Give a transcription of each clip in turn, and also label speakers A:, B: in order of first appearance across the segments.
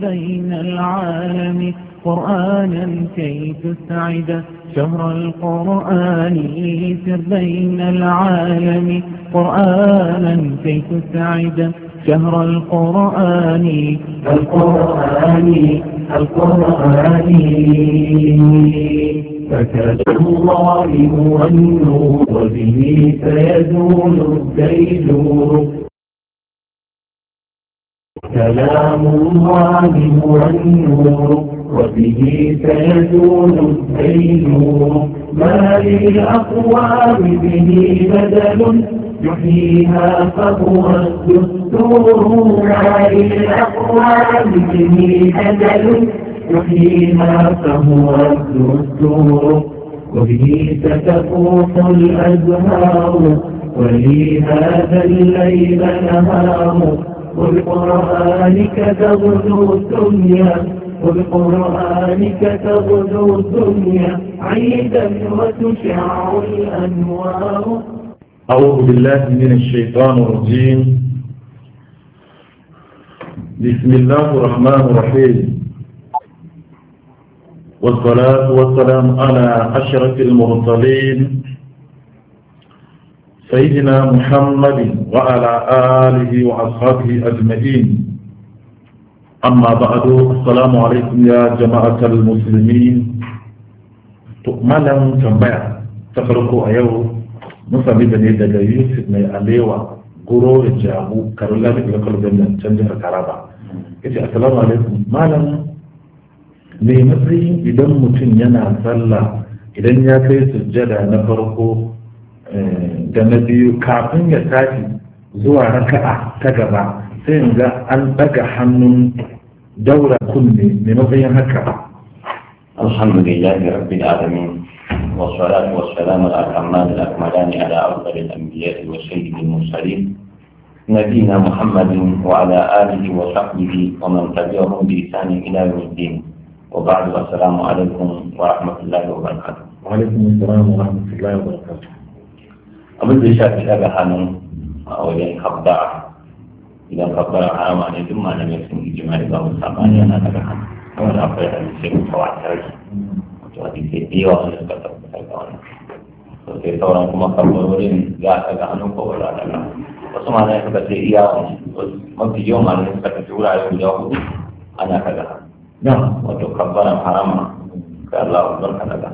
A: بين العالم قرآنا كي تسعد شهر القرآن سر بين العالم قرآنا كي تسعد شهر القرآن القرآن القرآن فكاد الله هو النور وبه سيزول الديجور كلام الله هو النور وبه سيزول الدينور ما للأقوام به بدل يحييها فهو الدستور ما للأقوام به بدل يحييها فهو الدستور وبه ستفوح الأزهار ولي هذا الليل نهار وبقرآنك تغدو الدنيا وبقرآنك تغدو الدنيا عيدا وتشع الأنوار
B: أعوذ بالله من الشيطان الرجيم بسم الله الرحمن الرحيم والصلاة والسلام على أشرف المرسلين سيدنا محمد وعلى آله وأصحابه أجمعين أما بعد السلام عليكم يا جماعة المسلمين تؤمنا تنبيع تفرقوا أيوه musami da ne daga yusuf mai alewa goro da jamu karula da local government can jihar taraba ya ce assalamu alaikum malam me matsayin idan mutum yana sallah idan ya kai sujjada na farko da na biyu kafin ya tashi zuwa raka'a ta gaba sai in ga an daga hannun daura kunne maimakon yin haka
C: alhamdulillahi rabbil alamin والصلاة والسلام الأكمان الأكملان على أفضل الأنبياء وسيد المرسلين نبينا محمد وعلى آله وصحبه ومن تبعهم بإحسان إلى يوم الدين وبعد السلام عليكم ورحمة الله وبركاته.
B: وعليكم السلام
C: ورحمة الله وبركاته. abin da ya shafi shaga hannu a wajen habba idan a harama ne duk malamai sun ijima da mu sabani yana daga hannu kuma kamar akwai hadisai mutawatir wato hadisai da yawa da suka tabbatar da wannan to sai sauran kuma kabbarorin za a daga hannu ko ba za a daga wasu malamai suka ce iya wani mafi yawan malamai suka tafi wurare guda hudu ana daga hannu wato kabbaran harama ka Allah ka daga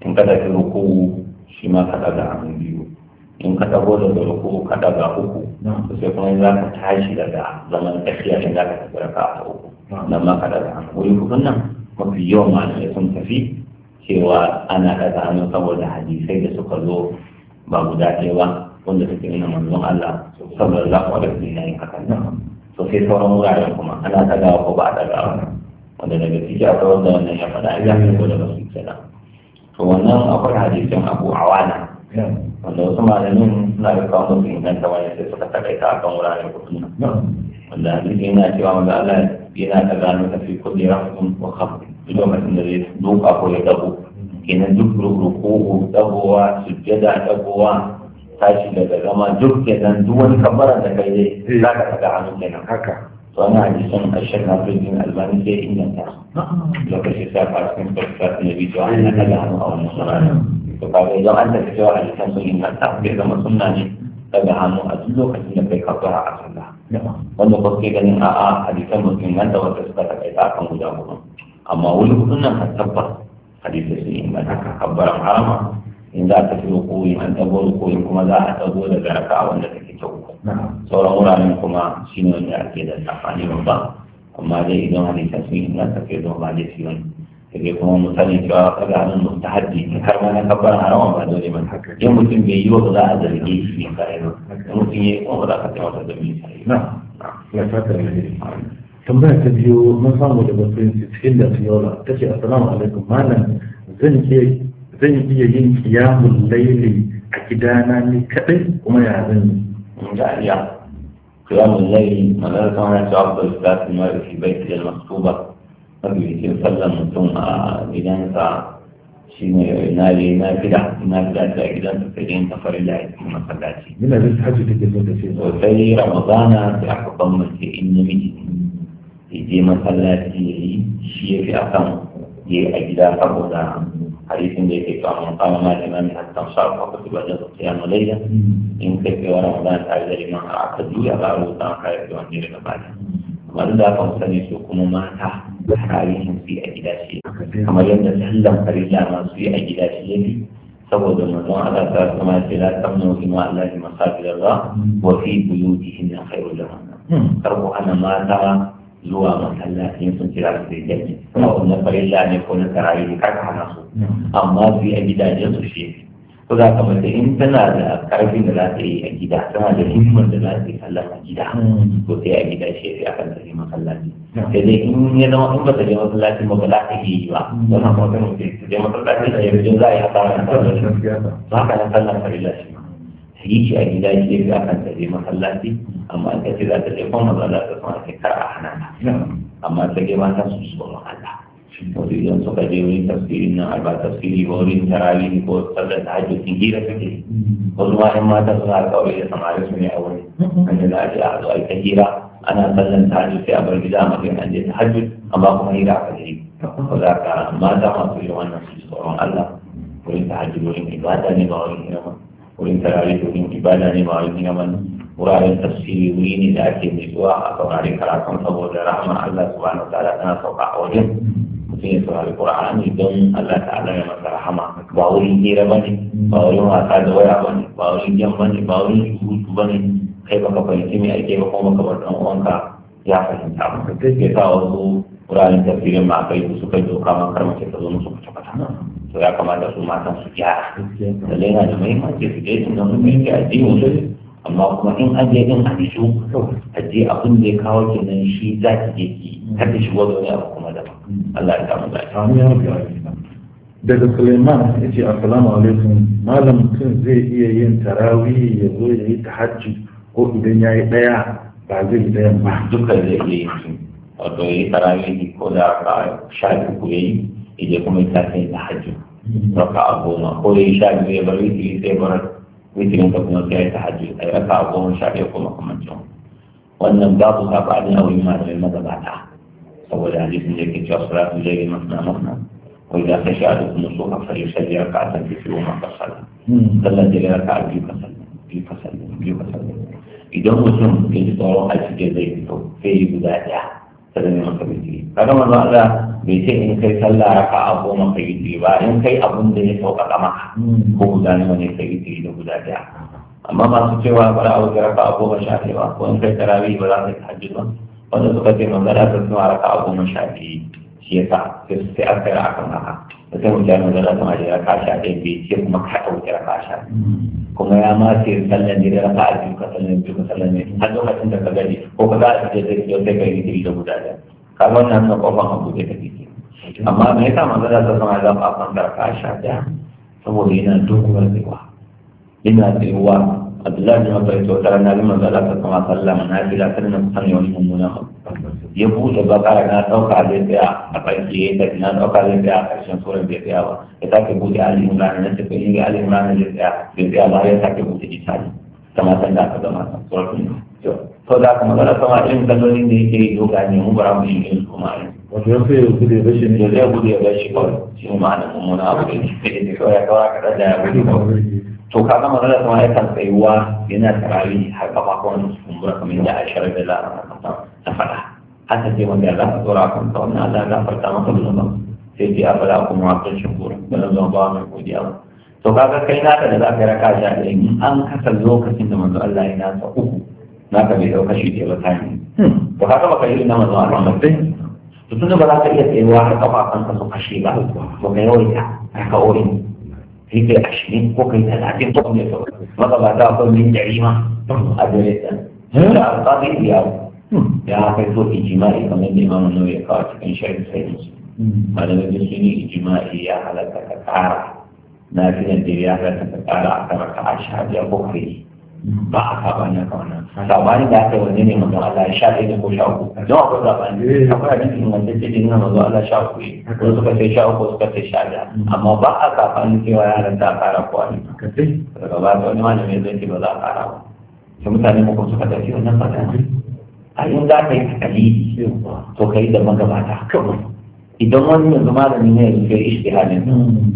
C: in ka tafi ruku shi ma ka daga in ka dago da daga uku ka daga uku to sai kuma za ka tashi daga zaman tafiya ne za ka tafi raka ta uku nan ma ka daga wuri hudun nan mafi yawan malamai sun tafi cewa ana daga hannu saboda hadisai da suka zo ba guda ɗaya ba wanda suke nuna manzon Allah saboda za ku alaƙi na yin hakan nan to sai sauran wuraren kuma ana tagawa ko ba a tagawa wanda daga ciki akwai wanda wannan ya faɗa ya fi ko da ba su kenan to wannan akwai hadisin abu a awana wanda wasu malamin suna da kawo musu inganta wani sai suka takaita a kan wuraren kuɗi wanda hadisi yana cewa maza yana ta gano ta fi kuɗi rafin ko kafin lokacin da zai duka ko ya dago kenan duk rukuku dagowa sujjada dagowa tashi daga zama duk kenan duk wani kabbara da kai dai za ka daga haka Tuan ana hadisan ashirin na firjin albani sai inganta lokaci sa fasikin farfasa na bidiyo an daga hannu a wani sarari to kaga idan an tafi cewa hadisan sun inganta bai zama sunna ne daga hannu a duk lokacin da kai kafara a sallah wanda ko ke ganin a'a hadisan ba su da wanda suka taɓa ta kan guda hudu amma wani hudun nan ka tabbas hadisan sun inganta ka kabbaran harama in za ta fito koyi an tabo koyi kuma za a tabo da garaka wanda take ke kyau. sauran wuraren kuma shi ne wanda ake da tafani babba amma dai idan hadisan sun inganta kai zama ba dai shi wani sai kuma mu sani cewa kaga nan mustahaddi ne har ma na kabbara harawa ba dole ba in mutum bai yi wa za a zarge shi ne kare ba in mutum ya yi kuma ba za ka kai wata zarge shi na ya
B: fata ne tambaya ta biyu mun samu da mutum cikin da fiyola ta ce assalamu alaikum malam zan ke zan iya yin kiyamun laili a gidana ni kadai kuma ya zan
C: yi ga iya kiyamun laili magana kamar ta abu da su fi bai da maktuba mabikin sallar mutum a gidansa shi ne na yi na fida na fida ta gidansa ta yin safari da ya cikin masallaci.
B: Yana bin hajji ta gidan da sai. Sosai
C: Ramadana sai aka bambance in yi namiji ya je masallaci ya yi shi ya fi a kan ya yi a gida saboda hadisin da yake cewa mun kama na da imami kan sha fa ku wajen su ya malayya mm. in kai kai wa Ramadana ta yi da liman a aka juya ba a rubuta ka yi wani daga baya. masu da aka sani su kuma mata tarihin su a gida shi kamar yadda sallan farilla ma su yi a gida shi yake saboda mutum Allah ta kuma ce la tamnu bi ma Allah bi masajidallah wa fi buyutihim ya khairu lahum hmm. kar ku ana mata zuwa masallaci sun kira su da jami'i ko na farilla ne ko na tarawih kar ka hana su hmm. amma su yi a gidajen su shi Ko za ka mace in tana da karfin da za ta yi a gida tana da himman da za ta yi sallah a gida ko sai a gida shi sai akan ta yi masallaci sai dai in ya zama in ba ta je masallaci ba ba za ta iya yi ba don haka ta mutum ta je masallaci da yanzu za a yi hasara na sallah ba haka na sallah farilla shi ta yi shi a gida shi sai akan ta je masallaci amma in ka ce za ta je kuma ba za ta sama sai kar a hana ta amma ta je mata su su ba Allah idan suka je wurin tafsirin nan ba tafsiri ba wurin tarawihi ko sallar hajji su hira suke wasu ma yan mata suna kawai da samari su ne a wurin wanda za a je a zo a ta hira ana sallar hajji sai a bar gida a matsayin an je ta hajji amma kuma hira a kaje ko za ka mata masu yin wannan su tsoron Allah wurin ta hajji wurin ibada ne ba wurin hirama wurin tarawih wurin ibada ne ba wurin hirama wuraren tafsiri wuri ne da ake mai zuwa a saurari karatun saboda rahama Allah subhanahu wa ta'ala tana sauka a wajen mutum ya saurari qur'ani don Allah ala ya masa rahama ba wurin hira bane ba wurin wasa da waya bane ba wurin jam bane ba wurin surutu bane kai baka fahimci me ake ba kuma kamar dan uwanka ya fahimta ba ka ke sa wasu wuraren tafsirin ma kai su kai doka ma kar mace ta zo musu kwata kwata to ya kamata su matan su gyara da yana da muhimmanci su je tun da mun yi addini ne amma kuma in an je din a fito a je abin da ya kawo kenan shi za ki je ki kada shi wani abu kuma daban Allah ya samu lafiya
B: daga suleiman ya ce assalamu alaikum malam mutum zai iya yin tarawih ya zo ya yi tahajji ko idan ya yi ɗaya ba zai yi ɗayan
C: ba duka zai iya yin su wato ya yi tarawih ko da ka sha biyu ya yi idan kuma ya tafi yin tahajji raka a goma ko ya yi sha biyu ya bar witiri sai bar witirin ka kuma sai ya yi tahajji a raka a goma sha ɗaya ko makamancin wannan babu saɓanin a wurin malamai magabata saboda hadisin da yake cewa salatu lillahi masna masna wa idza khashiya ahadukum as-subha falyusalli rak'atan fi yawmin qad salla hmm. sallan da raka'a biyu ka salla biyu ka salla biyu ka salla idan mutum ya ji tsoron aiki da zai fito sai yi guda ɗaya sannan ya maka biki kaga manzo Allah bai ce in kai sallah raka'a goma ka yi ba in kai abun da ya sauƙaƙa maka hmm. ko guda ne ka yi da guda ɗaya amma masu cewa bara a wuce raka'a goma sha ɗaya ba ko in kai tarawih ba za ka yi aji ba wanda suka ce manzara ta suna raka a goma sha biyu shi yasa sai su sai aka yi akan haka da sai mutum ya zara sama da raka sha ɗaya biyu sai kuma ka ɗauki raka sha kuma ya ma sai sallan ne da raka a biyu ka sallan biyu ka sallan ne har lokacin da ka gani ko ka za a je zai yau sai ka yi digiri da guda ɗaya ka ga wannan na kofan abu zai ka digiri amma me yasa manzara ta suna za a akan raka sha ɗaya saboda yana doguwar tsayuwa yana tsayuwa abdullahi bin abbas ta wata na bi manzo ka kama sallah mana fi la kan san kan mun mummuna ya buɗe bakara na dauka da tsaya a ƙarshe ya tafi na dauka da tsaya a ƙarshen suran bai tsaya ba ya sake buɗe ali mun na tafi inda ali mun na zai tsaya da tsaya ba ya sake ji isali kama san da ka zama suratul to to da aka magana sama irin kallolin da yake yi doka ne mun bara mu yi irin kuma ma irin
B: wato ya fi gudu ya bashi ne ya
C: gudu ya bashi ba shi mun na mun na abu ne ya kawai ya kawai ka da ya gudu kawai to ka gama rana kuma ya kan tsayuwa yana tarari har kafa kawai su kumbura kamar da a shirar da la'arata na faɗa haka ce wanda za ka tsora kan ta wannan Allah za farta maka da ba sai ce a fara kuma wasan shukura ba zan zama ba mai godiya ba to kaga kai naka da za ka yi raka ja da in an kasa lokacin da manzo Allah ya nasa uku naka bai dauka shi ke ba tani hmm. to kaga baka yi na manzo Allah ba to tunda ba za ka iya tsayuwa har kafa kan ka su kashe ba to kai yawaita ka orin sai kai ashirin ko kai talatin ko kai sauran maka ba ta akwai min dari ma a dole ɗan hmm? da alƙaɗi biyawo hmm. ya kai so ijima'i kamar da imamu nau ya kawo cikin shirin sai hmm. malamai sun yi ijima'i ya halatta ka ƙara na fi da ya halatta ka ƙara a kan ka a sha biyar ko kai ba a sabani a kawana sabani da aka yi wanne ne manzo Allah ya sha ɗaya da ko sha uku don akwai sabani akwai hadisi wanda ce dinna manzo Allah sha uku Ko suka ce sha uku suka ce sha ɗaya amma ba a sabani cewa yaran ta fara ko a daga ba da wani malami zai ce ba za a kara ba sai mutane kuma suka ɗauki wannan sabani a in za ka yi takalidi to ka yi da magabata kawai idan wani yanzu malami ne ya yi ishtihadin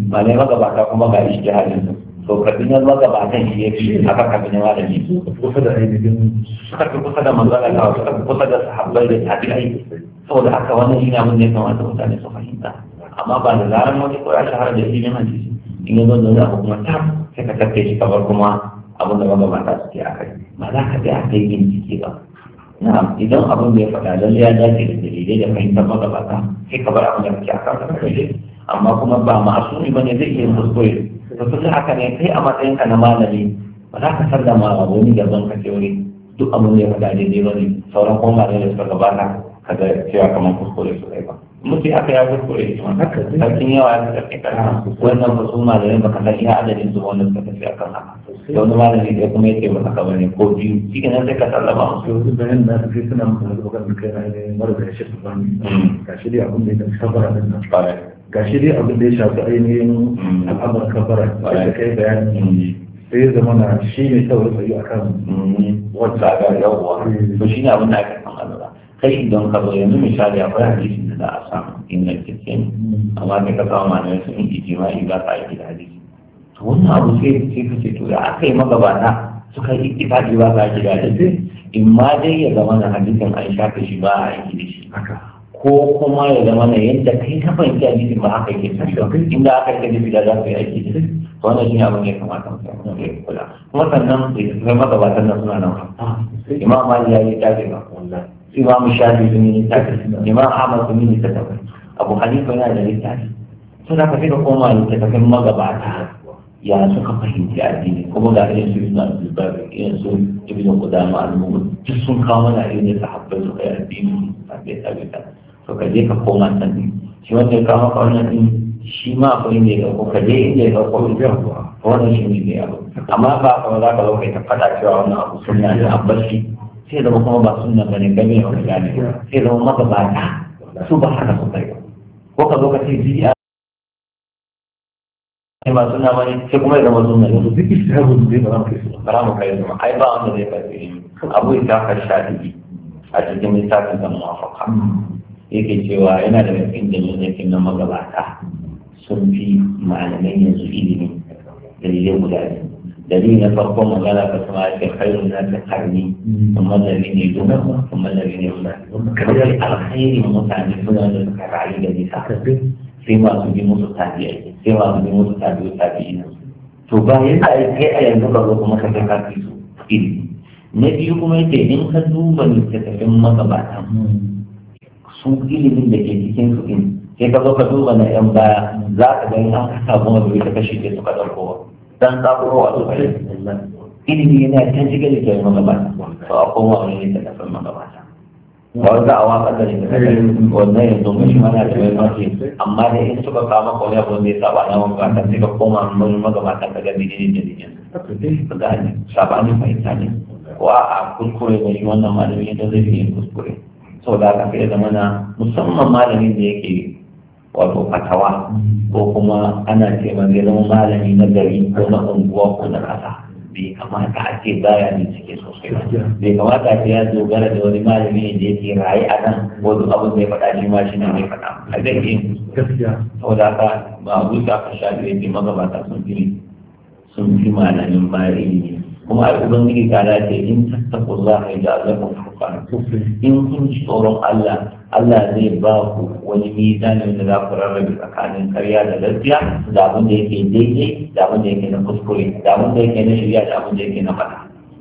C: malai hmm. magabata kuma ga ishtihadin su to kabinar magabatan shi ya fi haka kabinar malami kusa da ainihin suka fi kusa da manzara kawo suka fi kusa da sahabbai da tabi'ai saboda haka wannan shi na mun ne kamata mutane su fahimta amma ba da zarar wata ko ya shahara da shi ne ilimin hadisi in yanzu da za a kuma ta sai ka tafe shi kamar kuma abin da ba ba ta suke a kai ba za ka je a kai bincike ba na idan abin da ya faɗa lalle ya dace da dalilai da fahimtar ta sai ka bar abin da kake a kan amma kuma ba ma'asumi bane zai iya kuskure to tun da haka ne kai a matsayinka na malami ba za ka sallama wani gaban ka ce wani duk abin da ya faɗa daidai ba ne sauran kuma malamai da suka gabata ka ga cewa kamar kuskure su kai ba mutu aka ya kuskure shi ma sarkin yawa ya suka kai kana wannan ba su malamai ba ka san iya adadin su wanda suka tafi akan haka da wani malami da kuma yake ba haka bane ko biyu shi nan sai ka sallama
B: musu. yanzu bayan da fi suna mutane da bakan da kai na ne mara da ya shi ba bani. Mm. ga shi dai abin da ya tafi sabara da na. ga shi dai abin da ya shafi ainihin al'amar kabara da kai bayani sai ya zama na shi ne kawai tsayi a kan
C: wata ga yawwa to shi ne abin da aka kan alura kai idan ka zo yanzu misali akwai hadisin da za a samu ingantacce ne amma da ka samu ma'anar sun ma in za ka aiki da hadisi to wannan abu sai sai ka ce to da aka yi magabata suka yi ittifaqi ba ka aiki da hadisi in ma dai ya zama na hadisin an shafe shi ba a aiki da shi ko kuma ya zama na yadda kai ka fahimci a jikin ba haka yake tafiya inda aka yi kaji fila za su yi aiki da to wannan shi ne abin da ya kamata mutum ya kula kuma sannan sai magabatan nan suna nan imam mali ya yi tafi ba imam shafi sun yi tafi imam ahmad sun yi tafi abu hanifa yana da littafi suna ka fi da koma littafin magabata ya suka fahimci addini kuma ga irin su suna zubar irin su da qudama al-mughni duk sun kawo mana irin sahabbai su kai addini a bai tabbata to ka je ka koma ne shi wanda ya kama ka wannan din shi ma akwai ne ga ka je inda ya ko ko wannan shi ne ya amma ba ka za ka lokai ta fada cewa wannan abu sunna ne abbashi sai zama kuma ba sunna bane game da wani gani sai zama maka ba ta su ba haka su ko ka zo ka ce bid'a ai ba sunna bane sai kuma
B: ya zama sunna ne duk istihabun zai
C: ba ka su karamu kai zama ai ba wanda zai faɗi abu ya ta shafi a cikin lissafin da muwafaka hmm. yake cewa yana da cikin dalilin na magabata sun fi malamai yanzu ilimi dalilai guda ne dalili na farko magana ka sama ake khairun na ta karni amma dalili ne duna amma dalili ne duna kamar alkhairin mutane suna da suka rayu da nisa sai masu bi musu tabi'ai sai masu bi musu tabi'u tabi'ina to ba yadda ai kai a yanzu ka zo kuma ka ga kafi su ilimi na biyu kuma yake in ka duba littattafin magabatan su ilimin da ke cikin su in ke ka zo ka duba na yan baya za ka ga an kasa goma da ta kashi ke suka ɗauko dan tsakuro a yi, ilimi yana can shiga da ke yi maza magabata to a koma a wani yadda da kafin magabata ba wanda a waƙar da ne da wannan ya zo mashi mana da mai mafi amma da in suka kama ko ya bunda ya saba na magabata sai ka koma wani magabata ka ga mene ne da ne ka gane sabanin fahimta ne wa a kuskure da shi wannan malamin yadda zai fi yin kuskure sau da aka fiye da mana musamman malamin da yake wato fatawa ko kuma ana ce man zama malami na gari ko na unguwa ko na kasa bai kamata a ce baya ne cike sosai ba bai kamata a ce ya dogara da wani malami da yake raye a kan wasu abin da ya faɗa shi ma shi ne mai faɗa a zai yi sau da aka ba a buɗe aka sha biyu bai magabata sun fi sun fi malamin bari ne kuma a ubangiji ta dace in tattaku za a yi da azabin ku in kun ci tsoron Allah Allah zai ba ku wani mizanin da za ku rarrabe tsakanin karya da lafiya da abin da yake daidai da abin da yake na kuskure da abin da yake na shirya da abin da yake na faɗa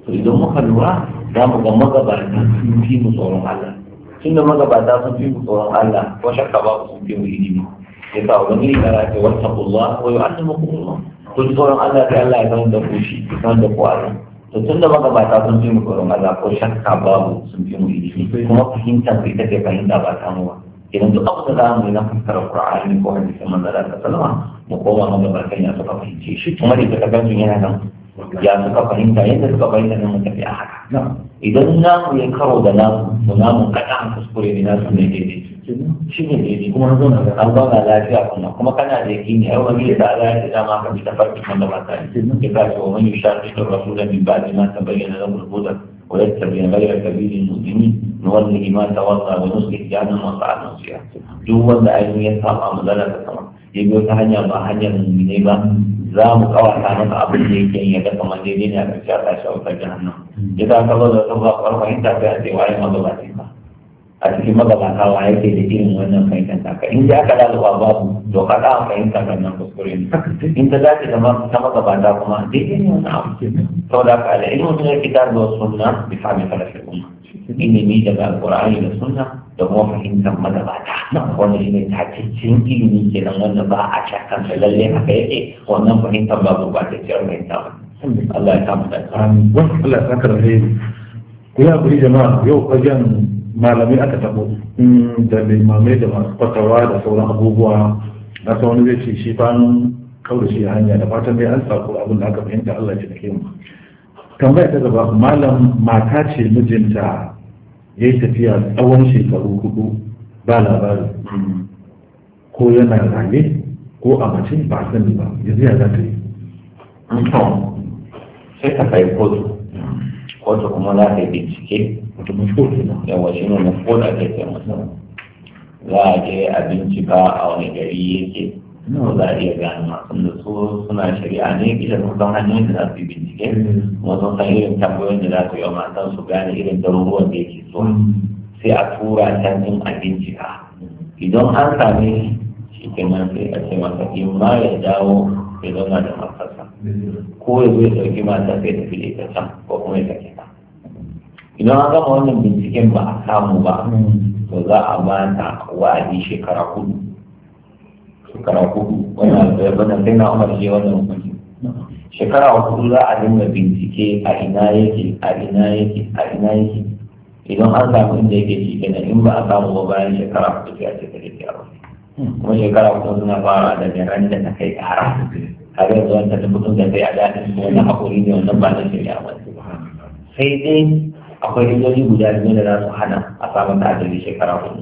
C: to idan muka lura za mu ga magabata sun fi mu tsoron Allah da magabata sun fi mu tsoron Allah ko shakka ba sun fi mu ilimi ya sa wani kara ce wata kullum ko yi wa'annan makulun ko tsoron Allah ta Allah ya zama da ku shi ya zama da ku to tun da magabata sun fi mu koyon Allah ko shakka babu sun fi mu ilimi kuma fahimtar bai take fahimta ba ta ba idan duk abu da za mu yi na fuskar Qur'ani ko hadisi manzara ta salama mu koma barkan ya suka fahimci. shi kuma da ta ganin yana nan ya suka fahimta yadda suka bayyana nan mu tafi a haka idan na mu yi karo da namu to namu kada an kuskure ne nasu ne daidai shi ne ne kuma na zauna da an zauna lafiya kuma kuma kana da yaki ne yawan gida da ala da dama ka bi tafarki kan da mata ne ke ba shi wa mani shafi da rasu da min ba da ma ta bayyana da mulkuda wa ya tabi na bayyana kabilin musulmi na wanda iman ta wanda wa nusu ya nan wasu a nan siya duk wanda ainihin ya samu mu zana ta sama ya biyo ta hanya ba hanyar ne ba za mu kawata maka abin da yake yin yadda kamar daidai ne a ƙarshe a tashi a wutar jihar nan. Hmm. Ya ta kawo da wata ba ƙwarfa yin tafiya a cewa ya mazo ba ce a cikin magabata wa yake da irin wannan fahimtar taka in ji aka laluwa babu to ka ɗawa fahimtar wannan kuskure ne in ta dace da ta magabata kuma daidai ne wani abu sau da ka ala ilmu ne kita da sunna bi fami falafin umma ilimi daga alƙur'ani da sunna da kuma fahimtar magabata wanda shi ne ta takaicin ilimi ke nan wanda ba a shakan da lalle haka yake wannan fahimtar babu ba ta ciyar fahimta ba Allah ya samu da
B: Allah ya saka da ku yi buri jama'a yau fagen malamai aka tabo da limamai da masu fatawa da sauran abubuwa na sauran zai ce shi fan kawai shi hanya da fatan mai an sako abin da aka fahimta Allah ya ke mu tambaya ta gaba malam mata ce mijinta ya yi tafiya tsawon shekaru hudu ba labari ko yana raye ko a mace ba sani ba yanzu ya za ta yi
C: sai ka kai kotu kotu kuma za ka yi bincike mashhur yawa shi ne ko da ke masa za a je a bincika a wani gari yake za a iya gane da su suna shari'a ne idan sun san hanyoyin da za su yi bincike mm. kuma sun san irin tambayoyin da za su yi wa su gane irin daruruwan da yake so mm. sai a tura can abinci a bincika idan an sami shi kenan sai a ce masa in ma ya dawo ya zama da matarsa mm. ko ya zo ya ɗauki mata sai fi da ita can ko kuma ya tafi idan an gama wannan binciken ba a samu ba hmm. to za a ba ta wa'adi shekara hudu shekara hudu wannan eh, sai na umar je wannan hukunci shekara hudu za a dinga bincike a ina yake a ina yake a ina yake idan an samu inda yake shi kenan in ba a samu ba bayan shekara hudu sai a ce ta yake a kuma shekara hudu suna fara da ran da ta kai kara har yanzu wanda ta mutum da kai a daɗin wani haƙuri ne wannan ba na shirya ba sai dai akwai illoli guda biyu da za su hana a samun da adalci shekara hudu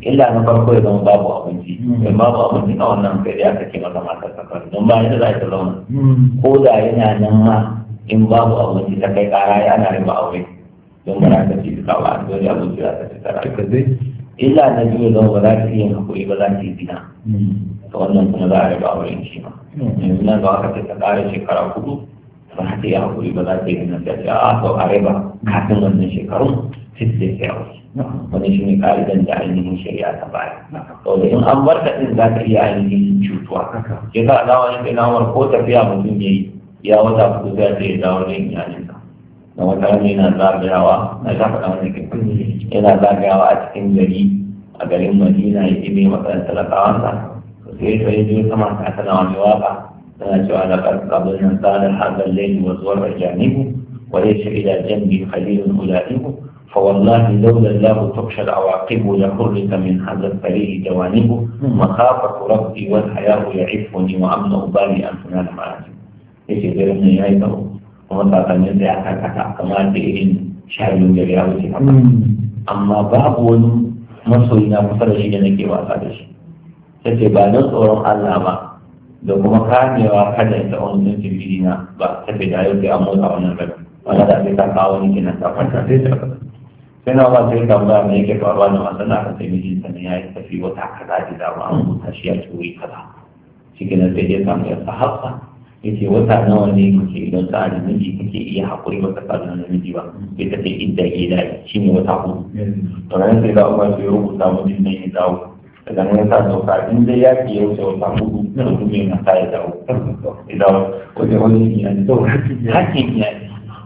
C: illa na farko ya zama babu abinci in babu abinci a wannan sai ya kake masa matar sakar don ba yadda za ta zauna ko da yana nan ma in babu abinci ta kai kara ya ana riba aure don ba za ta ci duka ba ya abinci za ta ci tara illa na biyu zama ba za ta yi hakuri ba za ta yi bina hmm. ta wannan kuma za a riba aure shi ma hmm. yanzu nan ga aka ta kara shekara hudu ba ta yi haƙuri ba za ta yi nan da ta a saurare ba kafin wannan shekarun sai sai sai aure wani shi ne ƙa'idan da ainihin shari'a ta baya saboda in an bar ɗin za ta iya ainihin cutuwa ke za a dawo ne na ko tafiya mutum ya yi ya wata kudu za ta iya dawo da iyalinka wata wani yana zagayawa na ta faɗa a cikin gari a garin madina ya ne matsalar talakawansa sai ya tsaye biyu sama ta tana wani waka سؤال قد قبل من قال هذا الليل وزور جانبه وليس إلى جنبي خليل أولئك فوالله لولا الله تخشى العواقب لخرج من هذا الفريق جوانبه مخافة ربي والحياء يعفني وأمن بالي أن تنال معاني. إيش غير من يعيده ومن بعد من ذاك كتاب إن شاهد جريء أما باب مصر مسؤولنا فرشي جنكي واسعش. سيبانس ورم الله da kuma kamewa kada ta wani sun fi na ba ta fi da yau a motsa wannan rabin wanda da sai wani ke nan kenan ta farka sai ta sai na ba sai ka ba mai yake faruwa da masu na kasance miji sannan ya yi tafi wata kaza da dama an huta shi a cikin kaza shi nan sai ya samu ya ya ce wata nawa ne kake idan ta da miji kake iya hakuri ba ka da miji ba sai ta ce idda da shi ne wata hudu to ran sai da su sai rubuta mutum ne ya dawo daga nan sa to ka in dai ya ke yau sau ta hudu na hudu ne na sa ya dawo idan wajen wani biyan to hakin biyan